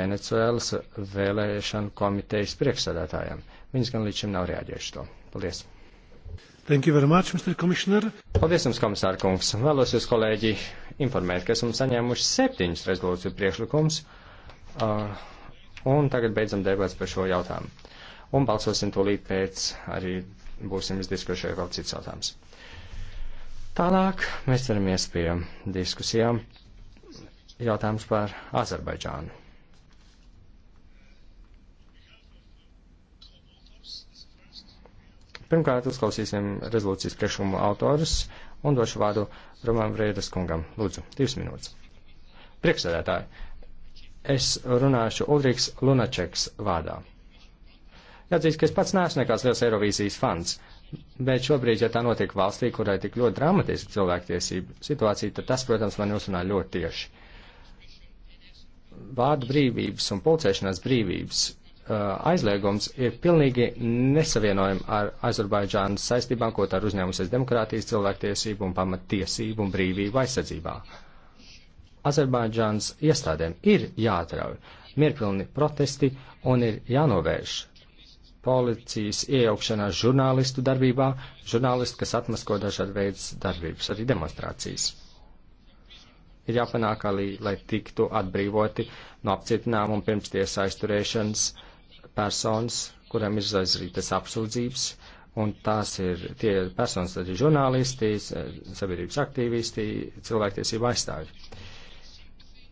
Venecuēlas vēlēšanu komitejas priekšsēdētājiem. Viņas gan līdz šim nav reaģējuši to. Paldies! Thank you very much, Mr. Commissioner. Paldies jums, komisāra kungs. Vēlos jūs, kolēģi, informēt, ka esam saņēmuši septiņus rezolūciju priekšlikumus, uh, un tagad beidzam debats par šo jautājumu. Un balsosim tūlīt pēc, arī būsim izdiskušie vēl cits jautājums. Tālāk mēs ceramies pie diskusijām jautājums par Azerbaidžānu. Pirmkārt, uzklausīsim rezolūcijas priekšlikumu autorus un došu vārdu Roman Vrēdas kungam. Lūdzu, divas minūtes. Priekšsēdētāji, es runāšu Ulriks Lunačeks vārdā. Jāatzīst, ka es pats neesmu nekāds liels Eirovīzijas fans, bet šobrīd, ja tā notiek valstī, kurai tik ļoti dramatiski cilvēktiesība situācija, tad tas, protams, man uzrunā ļoti tieši. Vārdu brīvības un pulcēšanās brīvības Uh, aizliegums ir pilnīgi nesavienojami ar Azerbaidžānas saistībām, ko tā ir uzņēmusies demokrātijas, cilvēktiesību un pamatiesību un brīvību aizsardzībā. Azerbaidžānas iestādēm ir jāatrauj mierpilni protesti un ir jānovērš policijas iejaukšanās žurnālistu darbībā, žurnālisti, kas atmasko dažādu veidu darbības, arī demonstrācijas. Ir jāpanāk arī, lai tiktu atbrīvoti no apcietinājuma un pirmstiesā aizturēšanas uh, personas, kuram ir aizrītas apsūdzības, un tās ir tie personas, tad ir žurnālisti, sabiedrības aktīvisti, cilvēktiesība aizstāvi.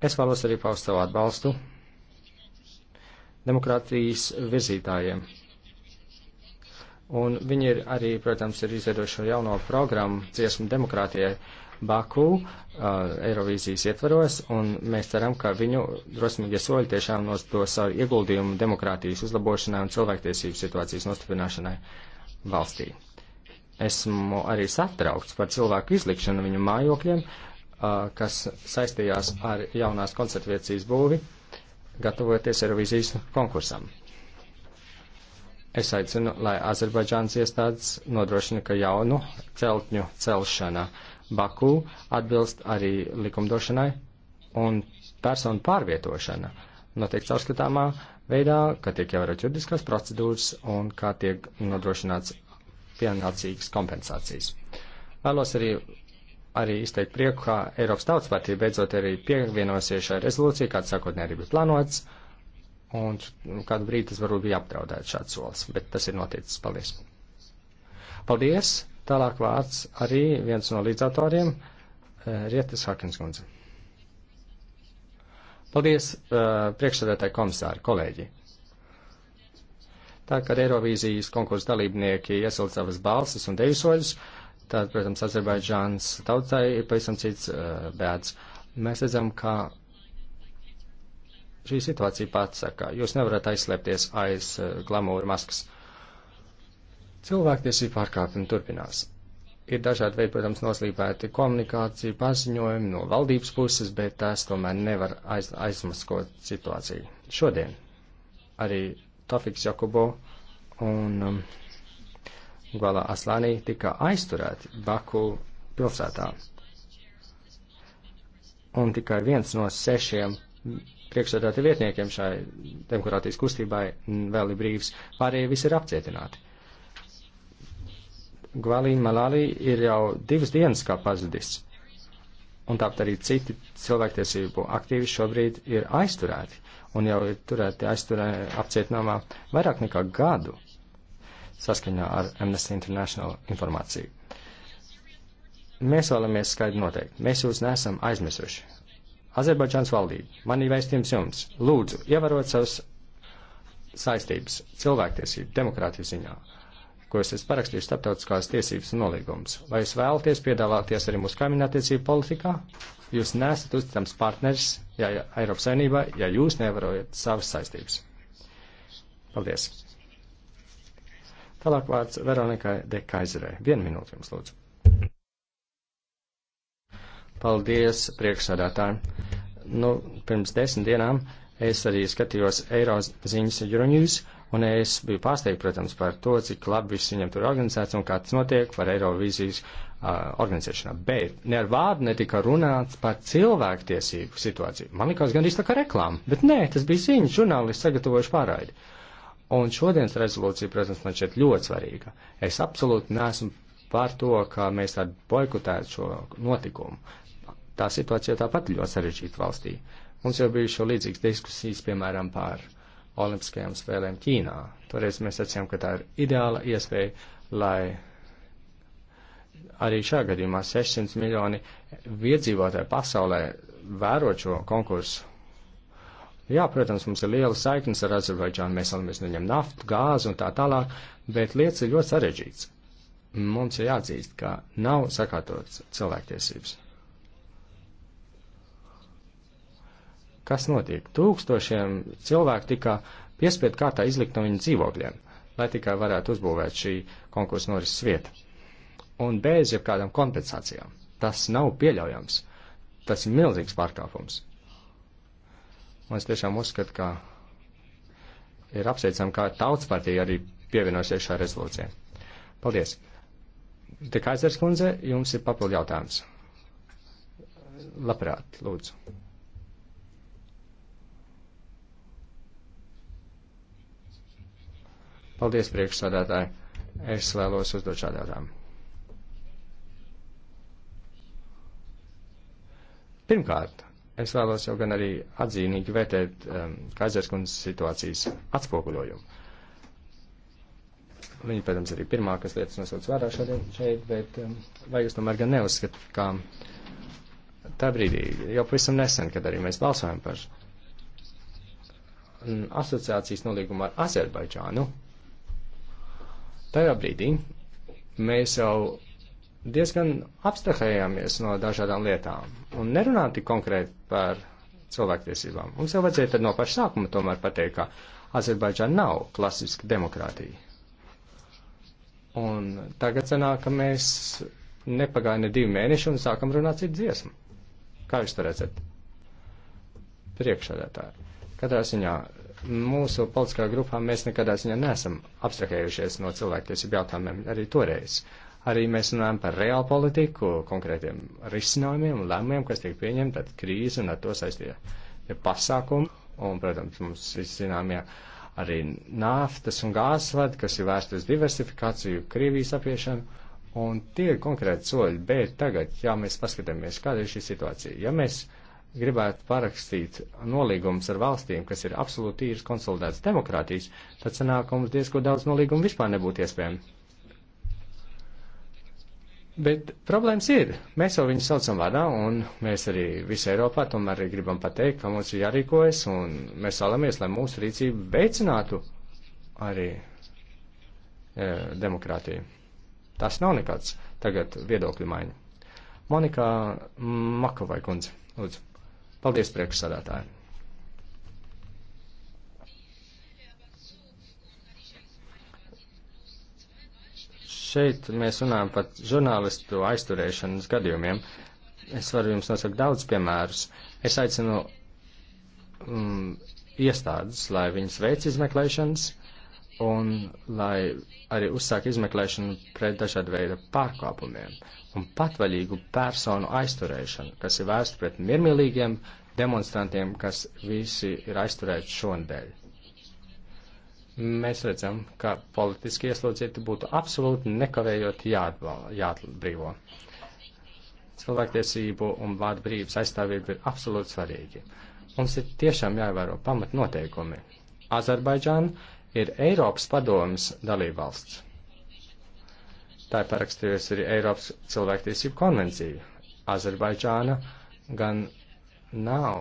Es vēlos arī paust savu atbalstu demokrātijas virzītājiem. Un viņi ir arī, protams, ir izveidojuši jauno programmu dziesmu demokrātijai, Baku uh, Eirovīzijas ietvaros, un mēs ceram, ka viņu drosmīgie soļi tiešām nos dos savu ieguldījumu demokrātijas uzlabošanai un cilvēktiesību situācijas nostiprināšanai valstī. Esmu arī satraukts par cilvēku izlikšanu viņu mājokļiem, uh, kas saistījās ar jaunās koncertviecijas būvi, gatavoties Eirovīzijas konkursam. Es aicinu, lai Azerbaidžānas iestādes nodrošina, ka jaunu celtņu celšana Baku atbilst arī likumdošanai un personu pārvietošana notiek caurskatāmā veidā, ka tiek ievērot juridiskās procedūras un kā tiek nodrošināts pienācīgas kompensācijas. Vēlos arī, arī izteikt prieku, ka Eiropas Tautas partija beidzot arī pievienosies šai rezolūcijai, kāds sākotnēji arī bija plānots, un kādu brīdi tas varbūt bija apdraudēts šāds solis, bet tas ir noticis. Paldies! Paldies! Tālāk vārds arī viens no līdzatoriem eh, - Rietis Hakinskundze. Paldies, eh, priekšsēdētāji komisāri, kolēģi! Tā kā Eirovīzijas konkursa dalībnieki iesauc savas balsis un devisoļus, tad, protams, Azerbaidžāns tautai ir pavisam cits uh, bēds. Mēs redzam, ka šī situācija pats saka, jūs nevarat aizslēpties aiz uh, glamūra maskas. Uh, Cilvēktiesība pārkāpumi turpinās. Ir dažādi veidi, protams, noslīpēti komunikācija, paziņojumi no valdības puses, bet tās tomēr nevar aiz, aizmaskot situāciju. Šodien arī Tofiks Jakubo un um, Gualā Aslānī tika aizturēti Baku pilsētā. Un tikai viens no sešiem priekšsēdētāju vietniekiem šai demokrātijas kustībai vēl ir brīvs, pārējie visi ir apcietināti. Gvalīna Malālī ir jau divas dienas kā pazudis. Un tāpat arī citi cilvēktiesību aktīvi šobrīd ir aizturēti un jau ir turēti aizturē apcietinājumā vairāk nekā gadu saskaņā ar Amnesty International informāciju. Mēs vēlamies skaidri noteikt, mēs jūs nesam aizmirsuši. Azerbaidžāns valdība, man ir vēstījums jums, lūdzu, ievērot savas saistības cilvēktiesību, demokrātiju ziņā ko es esmu parakstījis starptautiskās tiesības nolīgums. Vai jūs vēlaties piedāvāties arī mūsu kaimiņattiecību politikā? Jūs nesat uzticams partneris ja, ja, Eiropas saimnībā, ja jūs nevarojat savas saistības. Paldies. Tālāk vārds Veronikai de Kaizerē. Vienu minūti jums lūdzu. Paldies, priekšsādātāji. Nu, pirms desmit dienām es arī skatījos Eiroziņas Euronews. Un es biju pārsteigts, protams, par to, cik labi viss viņam tur organizēts un kā tas notiek par Eirovīzijas uh, organizēšanā. Bet ne ar vārdu netika runāts par cilvēktiesību situāciju. Man likās gan izlaka reklāma, bet nē, tas bija ziņas, žurnālisti sagatavojuši pārraidi. Un šodienas rezolūcija, protams, man šķiet ļoti svarīga. Es absolūti neesmu par to, ka mēs tādu boikotētu šo notikumu. Tā situācija tāpat ļoti sarežģīta valstī. Mums jau bija šo līdzīgas diskusijas, piemēram, par uh, Olimpiskajām spēlēm Ķīnā. Toreiz mēs sacījām, ka tā ir ideāla iespēja, lai arī šā gadījumā 600 miljoni iedzīvotāji pasaulē vērot šo konkursu. Jā, protams, mums ir liela saiknes ar Azerbaidžānu, mēs vēlamies no viņiem naftu, gāzi un tā tālāk, bet lietas ir ļoti sarežģītas. Mums ir jāatzīst, ka nav sakārtotas cilvēktiesības. Kas notiek? Tūkstošiem cilvēku tika piespiedu kārtā izlikt no viņu dzīvokļiem, lai tikai varētu uzbūvēt šī konkursa norises vieta. Un bez jebkādām kompensācijām. Tas nav pieļaujams. Tas ir milzīgs pārkāpums. Un es tiešām uzskatu, ka ir apsveicami, kā tautas partija arī pievienosies šā rezolūcijā. Paldies! Te Kaisers kundze, jums ir papildu jautājums. Labprāt, lūdzu. Paldies, priekšsādātāji. Es vēlos uzdot šādu jautājumu. Pirmkārt, es vēlos jau gan arī atzīmīgi vērtēt um, Kaizerskundas situācijas atspoguļojumu. Viņa, protams, arī pirmā, kas lietas nosauc vērā šodien šeit, bet um, vai jūs tomēr gan neuzskatāt, ka tā brīdī, jau pavisam nesen, kad arī mēs balsojam par mm, asociācijas nolīgumu ar Azerbaidžānu, Tajā brīdī mēs jau diezgan abstrahējāmies no dažādām lietām un nerunājām tik konkrēti par cilvēktiesībām. Mums jau vajadzēja tad no paša sākuma tomēr pateikt, ka Azerbaidžāna nav klasiska demokrātija. Un tagad sanāk, ka mēs nepagāja ne divi mēneši un sākam runāt citu dziesmu. Kā jūs to redzat? Priekšādātāji. Katrā ziņā mūsu politiskā grupā mēs nekādā ziņā neesam abstrahējušies no cilvēktiesību jautājumiem arī toreiz. Arī mēs runājam par reālu politiku, konkrētiem risinājumiem un lēmumiem, kas tiek pieņemti, tad krīze un ar to saistīja pasākumi. Un, protams, mums zināmie arī naftas un gāzes vadi, kas ir vērsti uz diversifikāciju, Krievijas apiešanu. Un tie ir konkrēti soļi, bet tagad, ja mēs paskatāmies, kāda ir šī situācija, ja mēs uh, gribētu parakstīt nolīgumus ar valstīm, kas ir absolūti tīras konsolidētas demokrātijas, tad sanākums diezko daudz nolīgumu vispār nebūtu iespējami. Bet problēmas ir. Mēs jau viņus saucam vārdā, un mēs arī visā Eiropā tomēr arī gribam pateikt, ka mums ir jārīkojas, un mēs vēlamies, lai mūsu rīcība veicinātu arī e, demokrātiju. Tas nav nekāds tagad viedokļu maiņa. Monika Makovai kundze, lūdzu. Paldies, priekšsādātāji! Šeit mēs runājam par žurnālistu aizturēšanas gadījumiem. Es varu jums nosaukt daudz piemērus. Es aicinu mm, iestādes, lai viņas veic izmeklēšanas un lai arī uzsāk izmeklēšanu pret dažādu veidu pārkāpumiem un patvaļīgu personu aizturēšanu, kas ir vērsta pret miermīlīgiem demonstrantiem, kas visi ir aizturēti šonadēļ. Mēs redzam, ka politiski ieslodzīti būtu absolūti nekavējot jāatbrīvo. Cilvēktiesību un vārdu brīvības aizstāvība ir absolūti svarīgi. Mums ir tiešām jāievēro pamat noteikumi. Azerbaidžāna ir Eiropas padomas dalībvalsts. Tā ir parakstījusi arī Eiropas cilvēktiesību konvencija. Azerbaidžāna gan nav.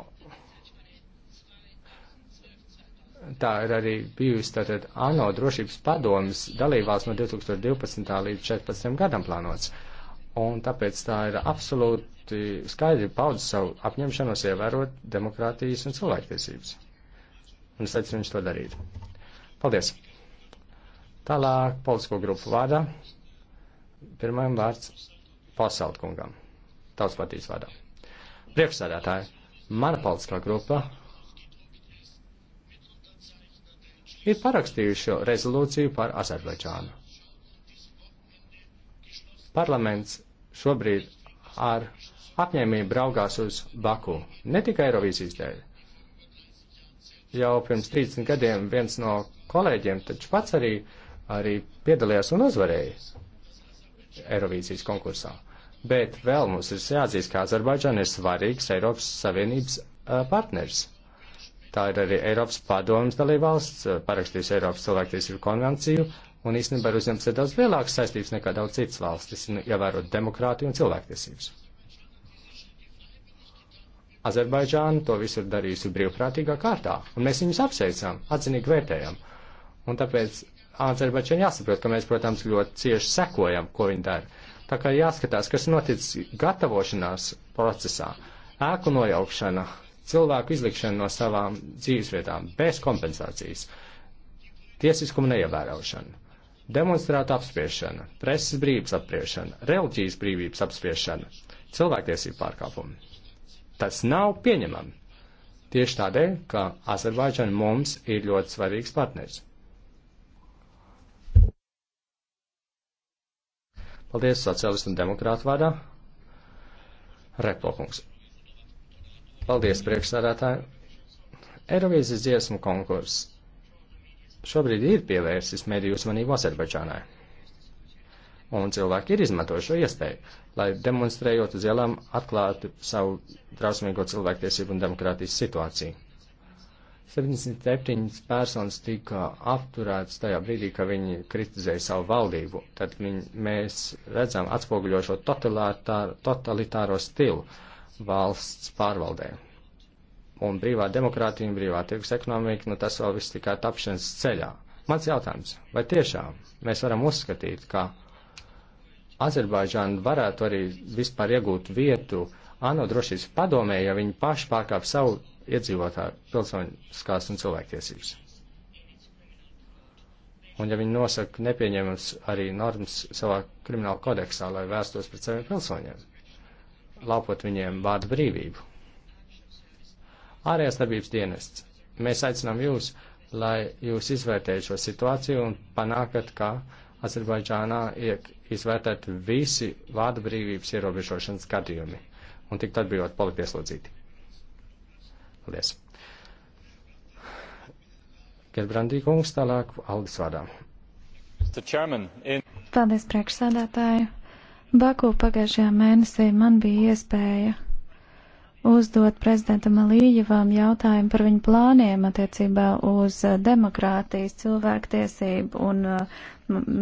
Tā ir arī bijusi tātad ANO drošības padomas dalībvalsts no 2012. līdz 2014. gadam plānots. Un tāpēc tā ir absolūti skaidri paudz savu apņemšanos ievērot demokrātijas un cilvēktiesības. Un es aicinu viņus to darīt. Paldies! Tālāk politisko grupu vārdā. Pirmajam vārds pasaulkungam. Tautas partijas vārdā. Priekšsēdētāji, mana politiskā grupa ir parakstījuši rezolūciju par Azerbaidžānu. Parlaments šobrīd ar apņēmību braukās uz Baku, ne tikai Eirovīzijas dēļ. Jau pirms 30 gadiem viens no kolēģiem, taču pats arī, arī piedalījās un uzvarēja Eirovīzijas konkursā. Bet vēl mums ir jāatzīst, ka Azerbaidžana ir svarīgs Eiropas Savienības partners. Tā ir arī Eiropas padomas dalībvalsts, parakstījusi Eiropas cilvēktiesību konvenciju un īstenībā ir uzņemts daudz lielākas saistības nekā daudz citas valstis, nu, ievērot demokrātiju un cilvēktiesības. Azerbaidžāna to visu ir darījusi brīvprātīgā kārtā, un mēs viņus apsveicam, atzinīgi vērtējam. Un tāpēc Azerbaidžan jāsaprot, ka mēs, protams, ļoti cieši sekojam, ko viņi dara. Tā kā jāskatās, kas noticis gatavošanās procesā, ēku nojaukšana, cilvēku izlikšana no savām dzīvesvietām bez kompensācijas, tiesiskuma neievērošana demonstrētu apspiešana, preses brīvības apspiešana, reliģijas brīvības apspiešana, cilvēktiesību pārkāpumi. Tas nav pieņemami. Tieši tādēļ, ka Azerbaidžana mums ir ļoti svarīgs partners. Paldies, sociālistu un demokrātu vārdā. Replokungs. Paldies, priekšsādātāji. Eirovīzijas dziesmu konkurss šobrīd ir pievērsis mediju uzmanību Azerbaidžānai. Un cilvēki ir izmantojuši šo iespēju, lai demonstrējot uz ielām atklātu savu drausmīgo cilvēktiesību un demokrātijas situāciju. 77 personas tika apturētas tajā brīdī, kad viņi kritizēja savu valdību. Tad viņi, mēs redzam atspoguļošo totalitāro stilu valsts pārvaldē. Un brīvā demokrātija un brīvā tirgus ekonomika, nu tas vēl viss tikai tapšanas ceļā. Mans jautājums, vai tiešām mēs varam uzskatīt, ka Azerbaidžāna varētu arī vispār iegūt vietu ANO drošības padomē, ja viņi paši pārkāp savu iedzīvotāju pilsoniskās un cilvēktiesības. Un ja viņi nosaka nepieņemams arī normas savā krimināla kodeksā, lai vērstos pret saviem pilsoņiem, lāpot viņiem vārdu brīvību. Ārējās darbības dienests. Mēs aicinām jūs, lai jūs izvērtējat šo situāciju un panākat, ka Azerbaidžānā iek izvērtēt visi vārdu brīvības ierobežošanas gadījumi un tikt atbrīvot politieslodzīti. Paldies. Gerbrandī kungs tālāk Aldis vārdā. Paldies, priekšsādātāju. Baku pagājušajā mēnesī man bija iespēja uzdot prezidentam Alījevam jautājumu par viņu plāniem attiecībā uz uh, demokrātijas, cilvēktiesību un uh,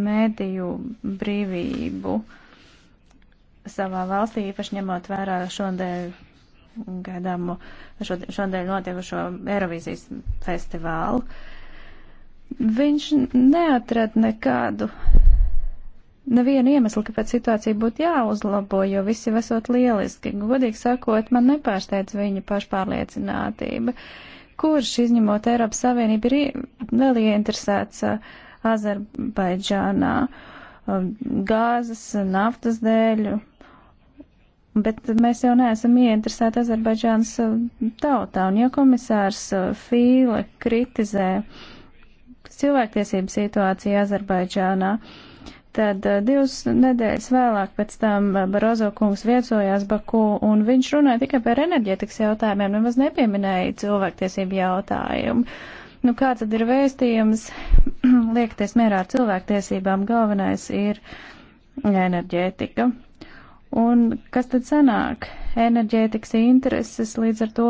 mēdīju brīvību savā valstī, īpaši ņemot vērā šodien gaidāmo šodien notiekušo Eirovīzijas festivālu. Viņš neatrad nekādu, nevienu iemeslu, kāpēc situācija būtu jāuzlabo, jo visi esot lieliski. Godīgi sakot, man nepārsteidz viņa pašpārliecinātība. Kurš, izņemot Eiropas Savienību, ir vēl ieinteresēts uh, Azerbaidžānā um, gāzes, naftas dēļ, Bet mēs jau neesam ieinteresēti Azerbaidžānas uh, tautā, un ja komisārs uh, Fīle kritizē cilvēktiesību situāciju Azerbaidžānā, tad uh, divas nedēļas vēlāk pēc tam Barozo kungs viesojās Baku, un viņš runāja tikai par enerģetikas jautājumiem, nemaz nepieminēja cilvēktiesību jautājumu. Nu, kā tad ir vēstījums? Liekties mierā ar cilvēktiesībām, galvenais ir enerģētika. Un kas tad sanāk? Enerģētikas intereses līdz ar to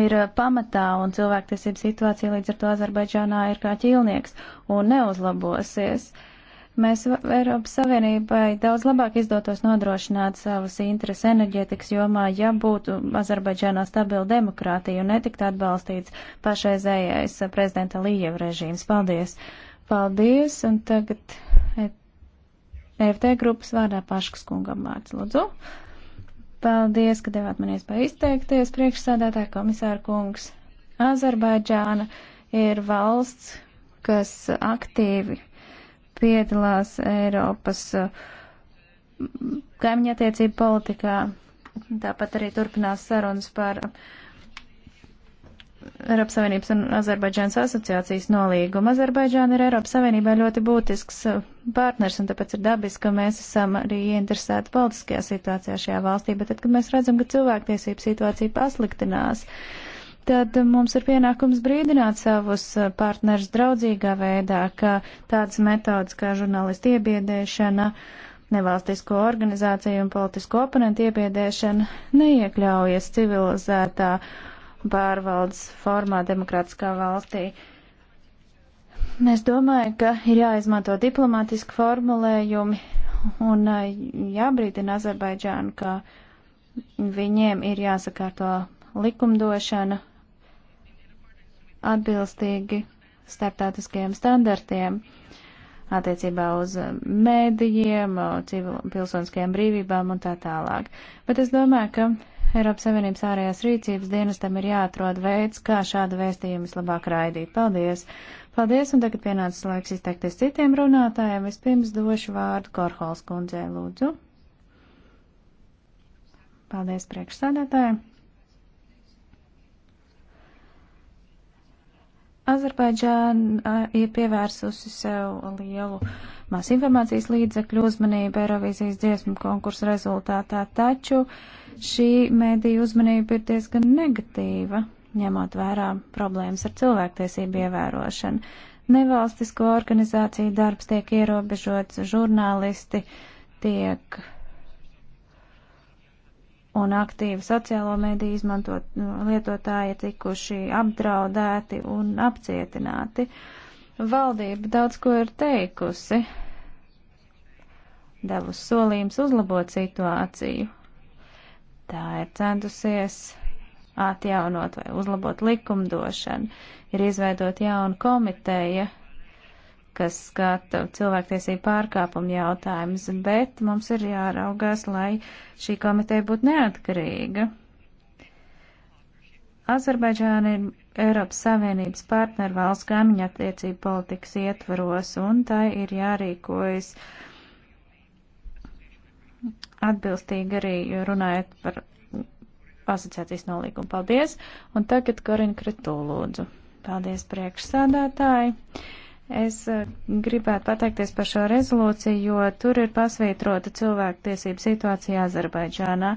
ir uh, pamatā un cilvēktiesība situācija līdz ar to Azerbaidžānā ir kā ķīlnieks un neuzlabosies. Mēs Eiropas Savienībai daudz labāk izdotos nodrošināt savas intereses enerģētikas jomā, ja būtu Azerbaidžānā stabila demokrātija un netikt atbalstīts pašreizējais uh, prezidenta Lījieva režīms. Paldies! Paldies! Un tagad eh, FD grupas vārdā Paškas kungam vārds. Lūdzu. Paldies, ka devāt man iespēju izteikties. Priekšsādātāja komisāra kungs. Azerbaidžāna ir valsts, kas aktīvi piedalās Eiropas uh, kaimiņattiecību politikā. Tāpat arī turpinās sarunas par uh, Eiropas Savienības un Azerbaidžānas asociācijas nolīgumu. Azerbaidžāna ir Eiropas Savienībā ļoti būtisks uh, partners, un tāpēc ir dabiski, ka mēs esam arī ieinteresēti politiskajā situācijā šajā valstī, bet tad, kad mēs redzam, ka cilvēktiesību situācija pasliktinās, tad uh, mums ir pienākums brīdināt savus uh, partnerus draudzīgā veidā, ka tādas metodas kā žurnālisti iebiedēšana, nevalstisko organizāciju un politisko oponentu iebiedēšana neiekļaujas civilizētā pārvaldes formā demokrātiskā valstī. Es domāju, ka ir jāizmanto diplomātiski formulējumi un eh, jābrīdina Azerbaidžānu, ka viņiem ir jāsakārto likumdošana atbilstīgi starptautiskajiem standartiem attiecībā uz mēdījiem, pilsoniskajām brīvībām un tā tālāk. Bet es domāju, ka Eiropas Savienības ārējās rīcības dienestam ir jāatrod veids, kā šādu vēstījumu vislabāk raidīt. Paldies! Paldies, un tagad pienācis laiks izteikties citiem runātājiem. Vispirms došu vārdu Korhols kundzē, lūdzu. Paldies priekšsādātājiem. Azerbaidžāna ir pievērsusi sev lielu masinformācijas līdzekļu uzmanību Eirovīzijas dziesmu konkursu rezultātā, taču uh, šī mēdīja uzmanība ir diezgan negatīva, ņemot vērā problēmas ar cilvēktiesību ievērošanu. Nevalstisko organizāciju darbs tiek ierobežots, žurnālisti tiek un aktīvi sociālo mediju izmantot nu, lietotāji ir tikuši apdraudēti un apcietināti. Valdība daudz ko ir teikusi, devus solījums uzlabot situāciju, Tā ir centusies atjaunot vai uzlabot likumdošanu. Ir izveidot jaunu komiteju, kas skata cilvēktiesību pārkāpumu jautājumus, bet mums ir jāraugās, lai šī komiteja būtu neatkarīga. Azerbaidžāna ir Eiropas Savienības partnervalsts kaimiņattiecību politikas ietvaros, un tai ir jārīkojas. Uh, atbilstīgi arī runājot par asociācijas nolīgumu. Paldies! Un tagad Karina Kretū lūdzu. Paldies priekšsādātāji! Es eh, gribētu pateikties par šo rezolūciju, jo tur ir pasvītrota cilvēktiesība situācija Azerbaidžānā.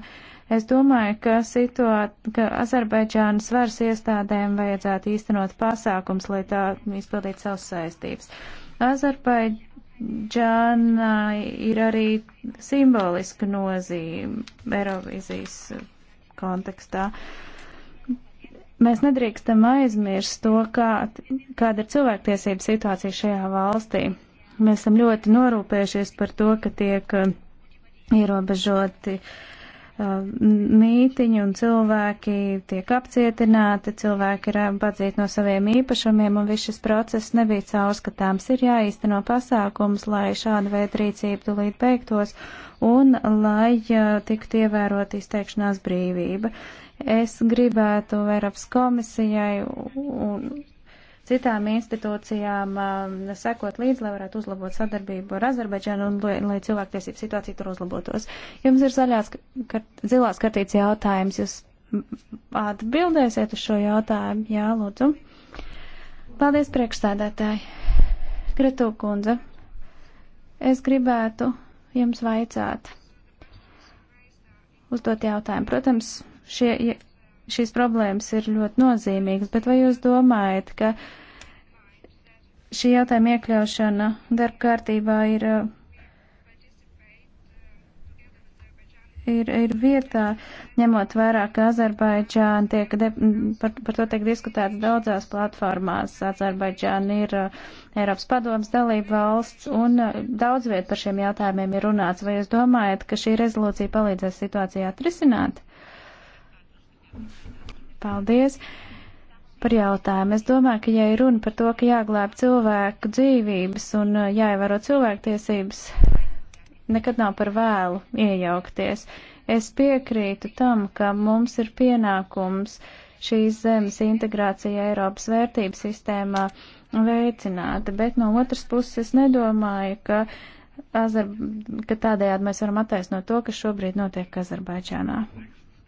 Es domāju, ka, situāt, ka Azerbaidžānas varas iestādēm vajadzētu īstenot pasākums, lai tā izpildītu savas saistības. Azerbaidžāna Džana ir arī simboliska nozīme Eirovizijas kontekstā. Mēs nedrīkstam aizmirst to, kā, kāda ir cilvēktiesība situācija šajā valstī. Mēs esam ļoti norūpējušies par to, ka tiek uh, ierobežoti uh, Uh, mītiņu un cilvēki tiek apcietināti, cilvēki ir padzīti no saviem īpašumiem un viss šis process nebija caurskatāms. Ir jāīsteno pasākums, lai šāda veida rīcība tulīt beigtos un lai tiktu ievērot izteikšanās brīvība. Es gribētu Eiropas komisijai un citām institūcijām um, sekot līdzi, lai varētu uzlabot sadarbību ar Azerbaidžanu un lai, lai cilvēktiesību situācija tur uzlabotos. Jums ir zaļās, kart, zilās kartīts jautājums. Jūs atbildēsiet uz šo jautājumu? Jā, lūdzu. Paldies, priekšstādētāji. Kretu kundze, es gribētu jums vaicāt uzdot jautājumu. Protams, šie šīs problēmas ir ļoti nozīmīgas, bet vai jūs domājat, ka šī jautājuma iekļaušana darba kārtībā ir, uh, ir, ir vietā, ņemot vērā, ka Azerbaidžāna tiek, de, par, par to tiek diskutēts daudzās platformās. Azerbaidžāna ir uh, Eiropas padomas dalība valsts un uh, daudz viet par šiem jautājumiem ir runāts. Vai jūs domājat, ka šī rezolūcija palīdzēs situāciju atrisināt? Paldies par jautājumu. Es domāju, ka, ja ir runa par to, ka jāglāb cilvēku dzīvības un uh, jāievēro cilvēktiesības, nekad nav par vēlu iejaukties. Es piekrītu tam, ka mums ir pienākums šīs zemes integrācija Eiropas vērtības sistēmā veicināta, bet no otras puses es nedomāju, ka, Azar, ka tādējādi mēs varam attaisnot to, kas šobrīd notiek Azerbaidžānā.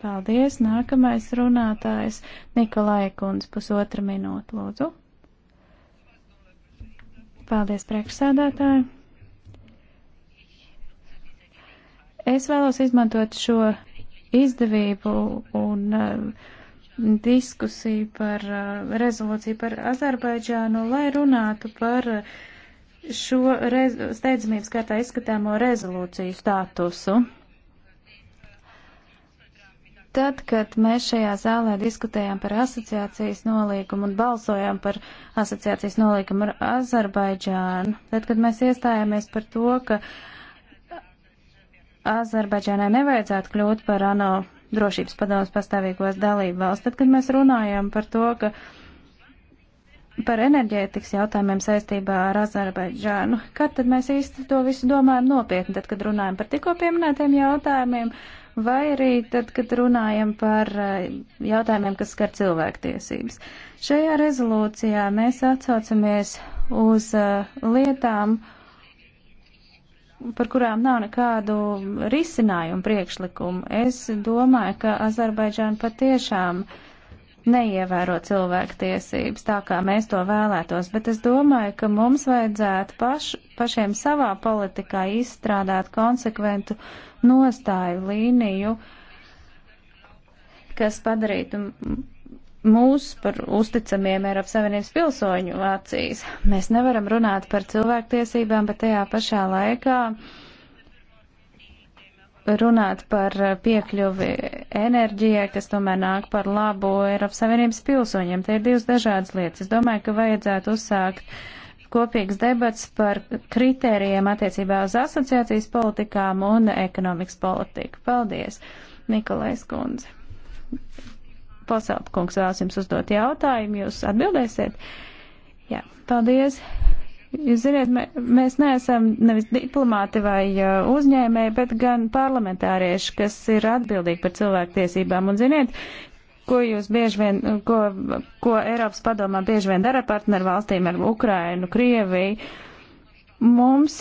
Paldies. Nākamais runātājs Nikolai Kunds, pusotra minūte, lūdzu. Paldies, priekšsēdētāji. Es vēlos izmantot šo izdevību un uh, diskusiju par uh, rezolūciju par Azerbaidžānu, lai runātu par šo steidzamības kārtā izskatāmo rezolūciju statusu. Tad, kad mēs šajā zālē diskutējām par asociācijas nolīgumu un balsojām par asociācijas nolīgumu ar Azerbaidžānu, tad, kad mēs iestājāmies par to, ka Azerbaidžānai nevajadzētu kļūt par ANO drošības padomus pastāvīgos dalību valsts, tad, kad mēs runājām par to, ka par enerģētikas jautājumiem saistībā ar Azerbaidžānu. Kad tad mēs īsti to visu domājam nopietni, tad, kad runājam par tikko pieminētiem jautājumiem, vai arī tad, kad runājam par eh, jautājumiem, kas skar cilvēktiesības. Šajā rezolūcijā mēs atsaucamies uz eh, lietām, par kurām nav nekādu risinājumu priekšlikumu. Es domāju, ka Azerbaidžāna patiešām uh, neievēro cilvēktiesības tā, kā mēs to vēlētos, bet es domāju, ka mums vajadzētu paš, pašiem savā politikā izstrādāt konsekventu nostāju līniju, kas padarītu mūs par uzticamiem Eiropas Savienības pilsoņu acīs. Mēs nevaram runāt par cilvēktiesībām, bet tajā pašā laikā uh, runāt par piekļuvi enerģijai, kas tomēr nāk par labu Eiropas Savienības pilsoņiem. Te ir divas dažādas lietas. Es domāju, ka vajadzētu uzsākt kopīgs debats par kritērijiem attiecībā uz asociācijas politikām un ekonomikas politiku. Paldies, Nikolais Kundze. Pasalpkungs vēlas jums uzdot jautājumu, jūs atbildēsiet? Jā, paldies. Jūs ziniet, mēs neesam nevis diplomāti vai uzņēmēji, bet gan parlamentārieši, kas ir atbildīgi par cilvēktiesībām. Un ziniet, ko jūs bieži vien, ko, ko Eiropas padomā bieži vien dara partneru valstīm ar Ukrainu, Krieviju. Mums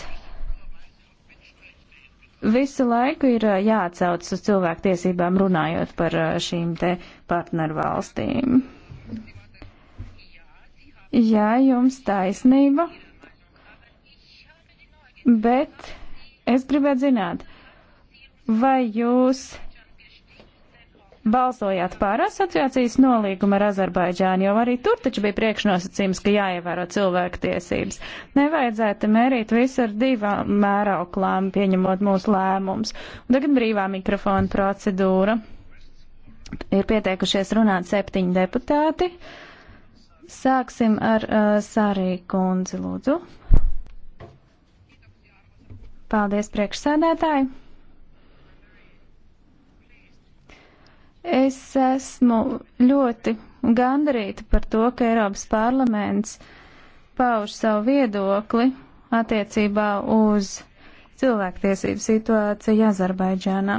visu laiku ir jāatsauc uz cilvēktiesībām runājot par šīm te partneru valstīm. Jā, jums taisnība bet es gribētu zināt, vai jūs balsojāt pār asociācijas nolīgumu ar Azerbaidžānu, jo arī tur taču bija priekšnosacījums, ka jāievēro cilvēku tiesības. Nevajadzētu mērīt visu ar divām mērauklām, pieņemot mūsu lēmumus. Un tagad brīvā mikrofona procedūra. Ir pieteikušies runāt septiņi deputāti. Sāksim ar uh, Sārī kundzi, lūdzu. Paldies, priekšsēdētāji! Es esmu ļoti gandarīta par to, ka Eiropas parlaments pauž savu viedokli attiecībā uz cilvēktiesību situāciju Azerbaidžānā.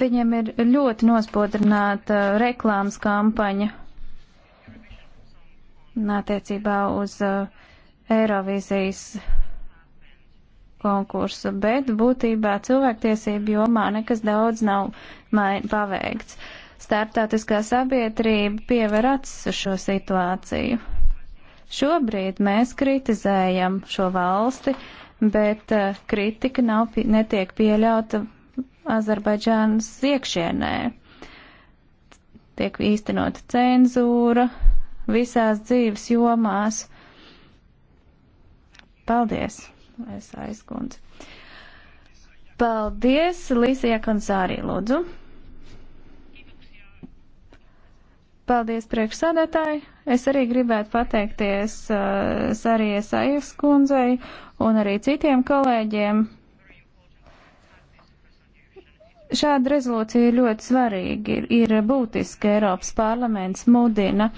Viņiem ir ļoti nospodrināta uh, reklāmas kampaņa attiecībā uz uh, Eirovīzijas konkursu, bet būtībā cilvēktiesību jomā nekas daudz nav paveikts. Startautiskā sabiedrība piever acis uz šo situāciju. Šobrīd mēs kritizējam šo valsti, bet uh, kritika nav, netiek pieļauta Azerbaidžānas iekšienē. Tiek īstenota cenzūra visās dzīves jomās. Paldies, es aizkundzu. Paldies, Līsija Kansārī, lūdzu. Paldies priekšsādātāji. Es arī gribētu pateikties uh, Sarijas Aijas kundzei un arī citiem kolēģiem Šāda rezolūcija ir ļoti svarīga, ir, ir būtiska Eiropas parlaments mudina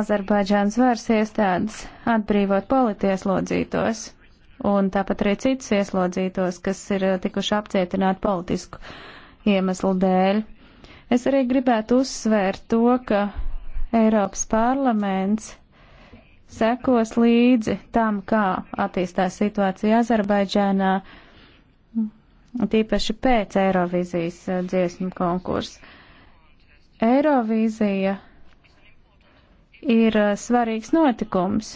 Azerbaidžānas varas iestādes atbrīvot politieslodzītos un tāpat arī citus ieslodzītos, kas ir eh, tikuši apcietināti politisku iemeslu dēļ. Es arī gribētu uzsvērt to, ka Eiropas parlaments sekos līdzi tam, kā attīstās situācija Azerbaidžānā tīpaši pēc Eirovīzijas eh, dziesmu konkursa. Eirovīzija ir eh, svarīgs notikums,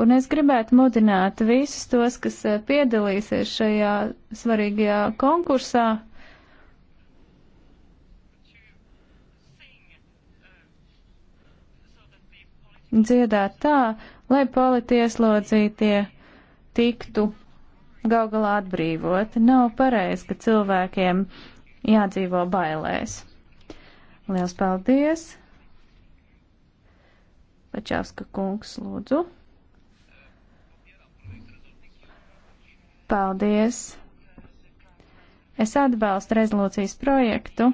un es gribētu mudināt visus tos, kas eh, piedalīsies šajā svarīgajā konkursā, dziedāt tā, lai politieslodzītie tiktu gal galā atbrīvoti. Nav pareizi, ka cilvēkiem jādzīvo bailēs. Liels paldies! Pačāvska kungs, lūdzu. Paldies! Es atbalstu rezolūcijas projektu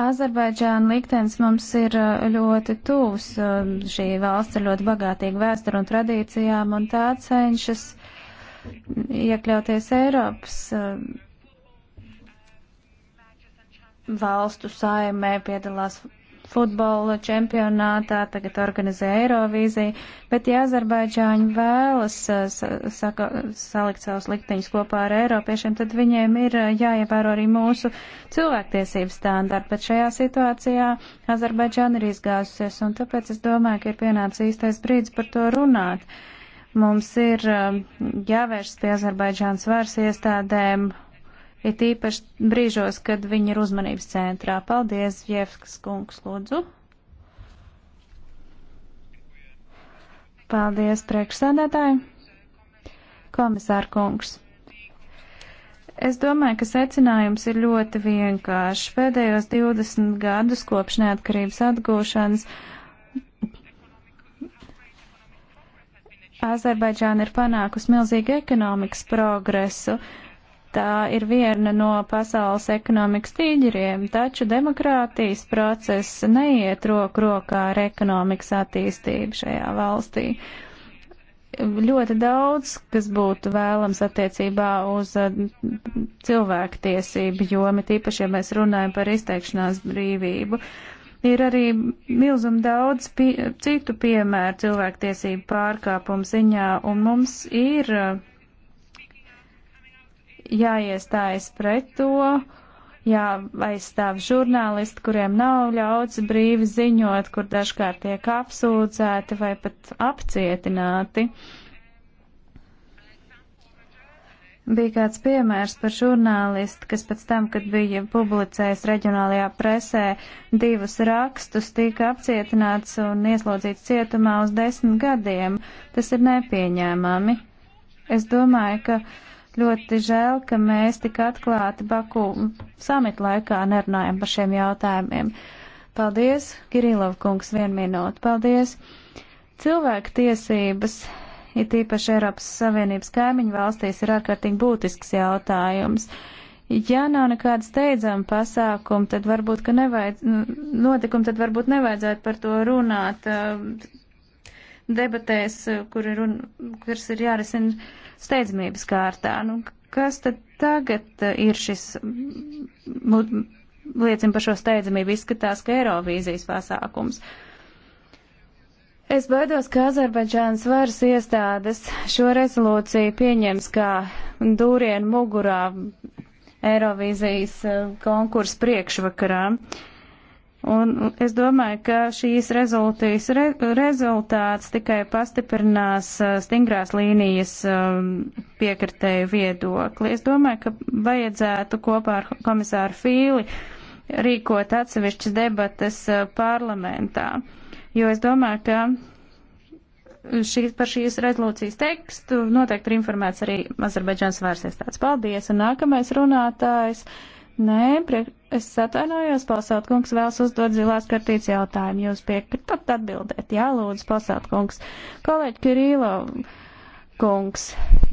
Azerbaidžāna liktenis mums ir eh, ļoti tūs. Eh, šī valsts ir ļoti bagātīga vēsturu un tradīcijām, un tā cenšas iekļauties Eiropas eh, valstu saimē, piedalās futbola čempionātā, tagad organizē Eirovīziju, bet ja Azerbaidžāņi vēlas uh, saka, salikt savus likteņus kopā ar Eiropiešiem, tad viņiem ir uh, jāievēro arī mūsu cilvēktiesības standarti, bet šajā situācijā Azerbaidžāna ir izgāzusies, un tāpēc es domāju, ka ir pienācis īstais brīdis par to runāt. Mums ir uh, jāvērst pie Azerbaidžānas vairs iestādēm ir tīpaši brīžos, kad viņi ir uzmanības centrā. Paldies, Jevskas kungs, lūdzu. Paldies, priekšsēdētāji. Komisāra kungs. Es domāju, ka secinājums ir ļoti vienkāršs. Pēdējos 20 gadus kopš neatkarības atgūšanas Azerbaidžāna ir panākusi milzīgu ekonomikas progresu. Uh, Tā ir viena no pasaules ekonomikas tīģeriem, taču demokrātijas process neiet roku rokā ar ekonomikas attīstību šajā valstī. Ļoti daudz, kas būtu vēlams attiecībā uz uh, cilvēktiesību jomi, tīpaši, ja mēs runājam par izteikšanās brīvību, ir arī milzum daudz pie, citu piemēru cilvēktiesību pārkāpumu ziņā, un mums ir uh, jāiestājas pret to, jāaizstāv žurnālisti, kuriem nav ļauts brīvi ziņot, kur dažkārt tiek apsūdzēti vai pat apcietināti. Bija kāds piemērs par žurnālistu, kas pēc tam, kad bija publicējis reģionālajā presē divus rakstus, tika apcietināts un ieslodzīts cietumā uz desmit gadiem. Tas ir nepieņēmami. Es domāju, ka Ļoti žēl, ka mēs tik atklāti Baku samit laikā nerunājam par šiem jautājumiem. Paldies, Kirilov kungs, vienu minūti. Paldies. Cilvēku tiesības, it īpaši Eiropas Savienības kaimiņu valstīs, ir ārkārtīgi būtisks jautājums ja nav nekāda steidzama pasākuma, tad varbūt, ka nevajadz, notikuma, tad varbūt nevajadzētu par to runāt debatēs, eh, kur ir un, kuras ir jārisina steidzamības kārtā. Nu, kas tad tagad eh, ir šis, mm, liecina par šo steidzamību, izskatās, ka Eirovīzijas pasākums. Es baidos, ka Azerbaidžānas varas iestādes šo rezolūciju pieņems kā dūrienu mugurā Eirovīzijas eh, konkursu priekšvakarā. Uh, Un es domāju, ka šīs rezultīs, re, rezultāts tikai pastiprinās uh, stingrās līnijas um, piekritēju viedokli. Es domāju, ka vajadzētu kopā ar komisāru Fīli rīkot atsevišķas debatas uh, parlamentā, jo es domāju, ka šī, par šīs rezolūcijas tekstu noteikti ir informēts arī Azerbaidžāns vārsies tāds. Paldies! Un nākamais runātājs. Nē, priekš Es atvainojos, Pasauta kungs vēlas uzdot zilās kartītes jautājumu. Jūs piekritat atbildēt. Jā, lūdzu, Pasauta kungs. Kolēģi Kirīlo kungs,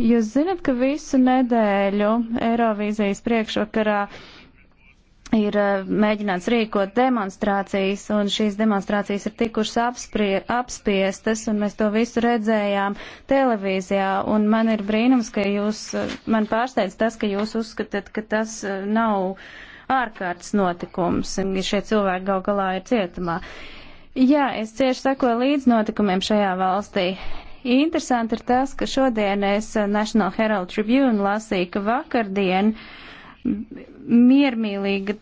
jūs zinat, ka visu nedēļu Eirovīzijas priekšvakarā ir eh, mēģināts rīkot demonstrācijas, un šīs demonstrācijas ir tikušas apsprie, apspiestas, un mēs to visu redzējām televīzijā, un man ir brīnums, ka jūs, eh, man pārsteidz tas, ka jūs uzskatāt, ka tas eh, nav. Uh, ārkārtas notikums. Šie cilvēki gal galā ir cietumā. Jā, es cieši sekoju līdz notikumiem šajā valstī. Interesanti ir tas, ka šodien es National Herald Tribune lasīju, ka vakardien miermīlīga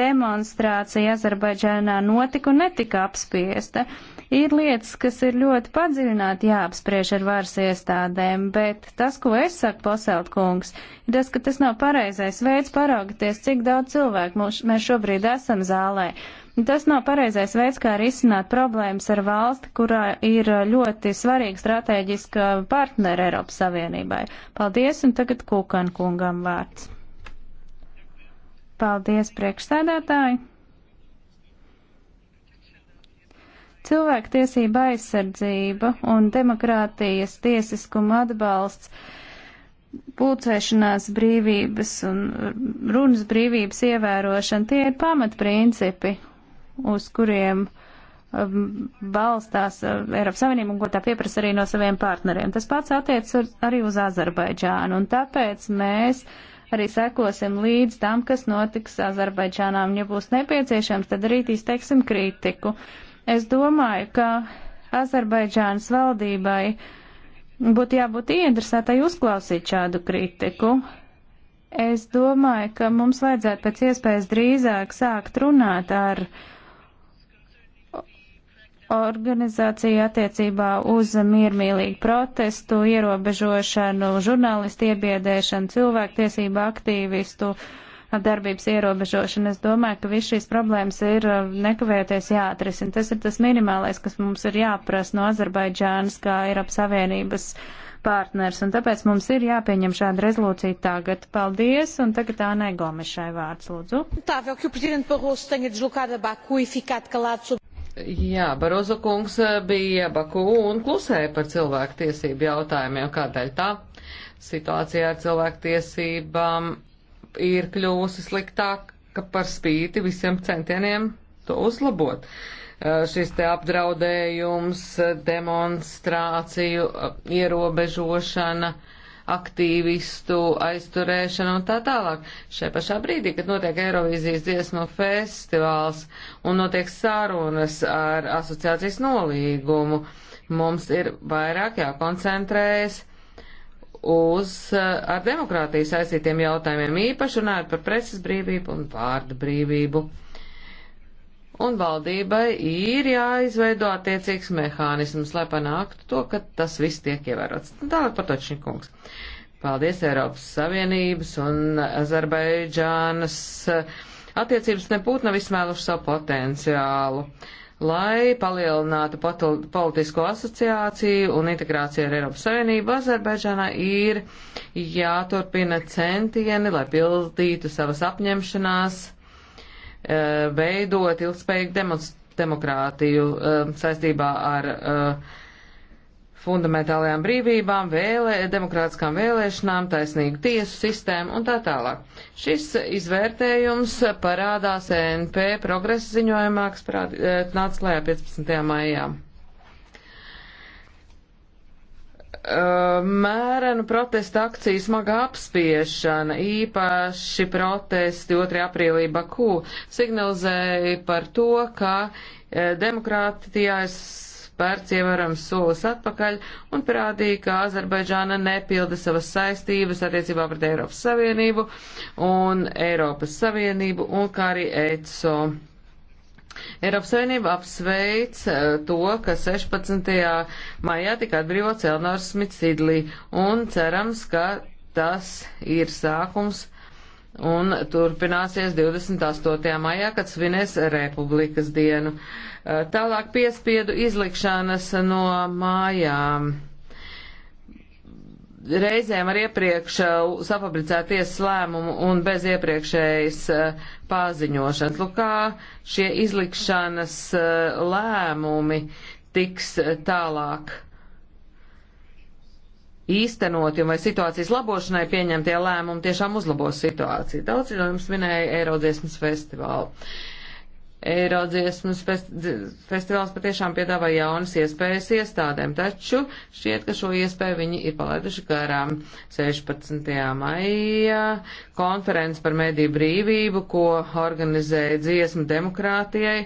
demonstrācija Azerbaidžānā notika un netika apspiesta. Uh, Ir lietas, kas ir ļoti padziļināti jāapspriež ar varas iestādēm, bet tas, ko es saku, Poselt kungs, ir tas, ka tas nav pareizais veids paraugties, cik daudz cilvēku mūs, mēs šobrīd esam zālē. Tas nav pareizais veids, kā risināt problēmas ar valsti, kurā ir ļoti svarīga strateģiska partnera Eiropas Savienībai. Paldies, un tagad Kukan kungam vārds. Paldies, priekšsēdētāji! Cilvēktiesība aizsardzība un demokrātijas tiesiskuma atbalsts, pulcēšanās brīvības un runas brīvības ievērošana, tie ir pamatprincipi, uz kuriem um, balstās uh, Eiropas Savienība un ko tā pieprasa arī no saviem partneriem. Tas pats attiec arī uz Azerbaidžānu, un tāpēc mēs arī sekosim līdz tam, kas notiks Azerbaidžānā, un ja būs nepieciešams, tad arī izteiksim kritiku. Uh, Es domāju, ka Azerbaidžānas valdībai būtu jābūt ieinteresētai uzklausīt šādu kritiku. Es domāju, ka mums vajadzētu pēc iespējas drīzāk sākt runāt ar organizāciju attiecībā uz miermīlīgu protestu, ierobežošanu, žurnālistu iebiedēšanu, cilvēktiesību aktīvistu uh, darbības ierobežošana. Es domāju, ka viss šīs problēmas ir uh, nekavējoties jāatrisina. Tas ir tas minimālais, kas mums ir jāprasa no Azerbaidžānas, kā Eiropas Savienības partners, un tāpēc mums ir jāpieņem šāda rezolūcija tagad. Paldies, un tagad tā negomešai vārds, lūdzu. Jā, Barozo kungs uh, bija Baku un klusēja par cilvēku tiesību jautājumiem. Kādēļ tā? Situācijā ar cilvēku tiesībām ir kļuvusi sliktāka par spīti visiem centieniem to uzlabot. Šis te apdraudējums, demonstrāciju, ierobežošana, aktīvistu aizturēšana un tā tālāk. Šai pašā brīdī, kad notiek Eirovīzijas dziesmu festivāls un notiek sarunas ar asociācijas nolīgumu, mums ir vairāk jākoncentrējas uz eh, ar demokrātiju saistītiem jautājumiem, īpaši runājot par preses brīvību un vārdu brīvību. Un valdībai ir jāizveido attiecīgs mehānisms, lai panāktu to, ka tas viss tiek ievērots. Nu, tālāk par točņikungs. Paldies Eiropas Savienības un Azerbaidžānas eh, attiecības nebūtu nav izsmēluši savu potenciālu. Uh, lai palielinātu politisko asociāciju un integrāciju ar Eiropas Savienību, Azerbaidžānā ir jāturpina centieni, lai pildītu savas apņemšanās, eh, veidot ilgspējīgu demokrātiju eh, saistībā ar eh, fundamentālajām brīvībām, vēlē, demokrātiskām vēlēšanām, taisnīgu tiesu sistēmu un tā tālāk. Šis izvērtējums parādās ENP progresa ziņojumā, kas parād, eh, nāca klajā 15. maijā. Eh, mērenu protesta akciju smaga apspiešana, īpaši protesti 2. aprīlī Bakū, signalizēja par to, ka eh, demokrātijā es spērts ievarams solis atpakaļ un parādīja, ka Azerbaidžāna nepilda savas saistības attiecībā pret Eiropas Savienību un Eiropas Savienību un kā arī ECO. Eiropas Savienība apsveic eh, to, ka 16. maijā tika atbrīvots Elnors Mitsidlī un cerams, ka tas ir sākums un turpināsies 28. maijā, kad svinēs Republikas dienu. Eh, tālāk piespiedu izlikšanas no mājām. Reizēm ar iepriekš eh, sapabricēties lēmumu un bez iepriekšējas eh, paziņošanas. Lūk, kā šie izlikšanas lēmumi tiks tālāk īstenoti un vai situācijas labošanai pieņemtie lēmumi tiešām uzlabos situāciju. Daudz no jums minēja Eirodziesmas festivālu. Eirodziesmas fest festivāls patiešām piedāvā jaunas iespējas iestādēm, taču šķiet, ka šo iespēju viņi ir palaiduši garām 16. maijā konferences par mediju brīvību, ko organizēja dziesmu demokrātijai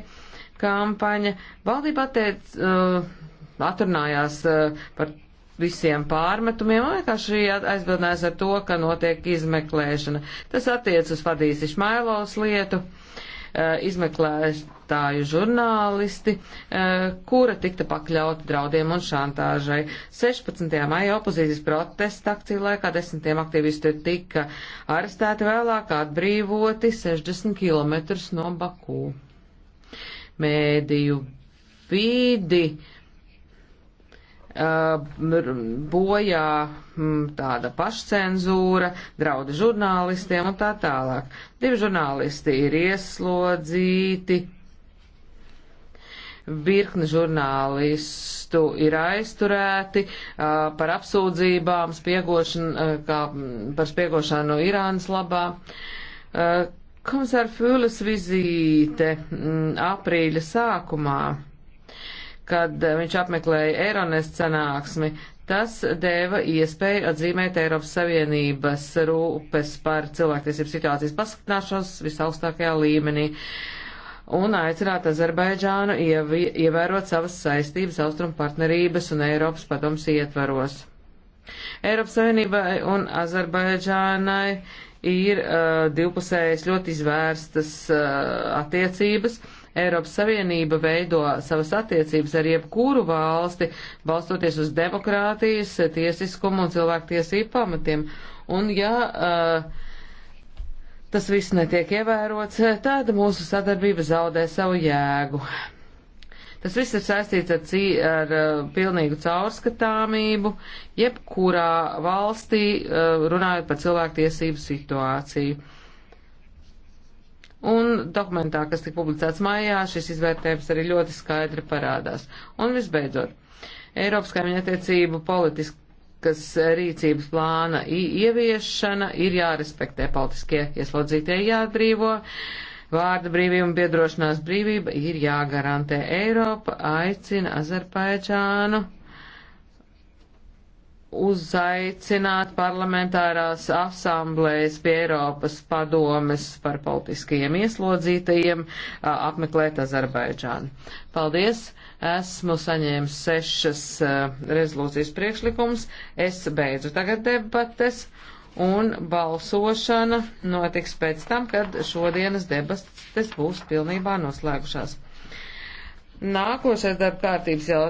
kampaņa. Valdība atteic, uh, atrunājās uh, par visiem pārmetumiem, un vienkārši aizbildinājās ar to, ka notiek izmeklēšana. Tas attiec uz Fadīs Išmailovas lietu, eh, izmeklētāju žurnālisti, eh, kura tikta pakļauta draudiem un šantāžai. 16. maija opozīcijas protesta akciju laikā desmitiem aktīvistu tika arestēti vēlāk atbrīvoti 60 km no Bakū. Mēdīju vidi. Uh, Uh, bojā tāda pašcenzūra, draudi žurnālistiem un tā tālāk. Divi žurnālisti ir ieslodzīti, virkni žurnālistu ir aizturēti uh, par apsūdzībām, spiegošanu, uh, kā par spiegošanu Irānas labā. Komisāra Fūles vizīte aprīļa sākumā kad eh, viņš apmeklēja Eironest sanāksmi, tas deva iespēju atzīmēt Eiropas Savienības rūpes par cilvēktiesību situācijas pasliktināšanos visaugstākajā līmenī un aicināt Azerbaidžānu ievi, ievērot savas saistības austrumu partnerības un Eiropas padoms ietvaros. Eiropas Savienībai un Azerbaidžānai ir uh, divpusējas ļoti izvērstas uh, attiecības. Uh, Eiropas Savienība veido savas attiecības ar jebkuru valsti, balstoties uz demokrātijas, tiesiskumu un cilvēktiesību pamatiem. Un ja uh, tas viss netiek ievērots, tad mūsu sadarbība zaudē savu jēgu. Tas viss ir saistīts ar, cī, ar uh, pilnīgu caurskatāmību, jebkurā valstī uh, runājot par cilvēktiesību situāciju. Un dokumentā, kas tika publicēts maijā, šis izvērtējums arī ļoti skaidri parādās. Un visbeidzot, Eiropas kaimiņa attiecību politiskas rīcības plāna ieviešana ir jārespektē politiskie ieslodzītie jāatbrīvo. Vārda brīvība un biedrošanās brīvība ir jāgarantē. Eiropa aicina Azerbaidžānu uzaicināt parlamentārās asamblējas pie Eiropas padomes par politiskajiem ieslodzītajiem apmeklēt Azerbaidžānu. Paldies! Esmu saņēmis sešas rezolūcijas priekšlikums. Es beidzu tagad debates un balsošana notiks pēc tam, kad šodienas debates būs pilnībā noslēgušās. Nākošais darba kārtības jautājums.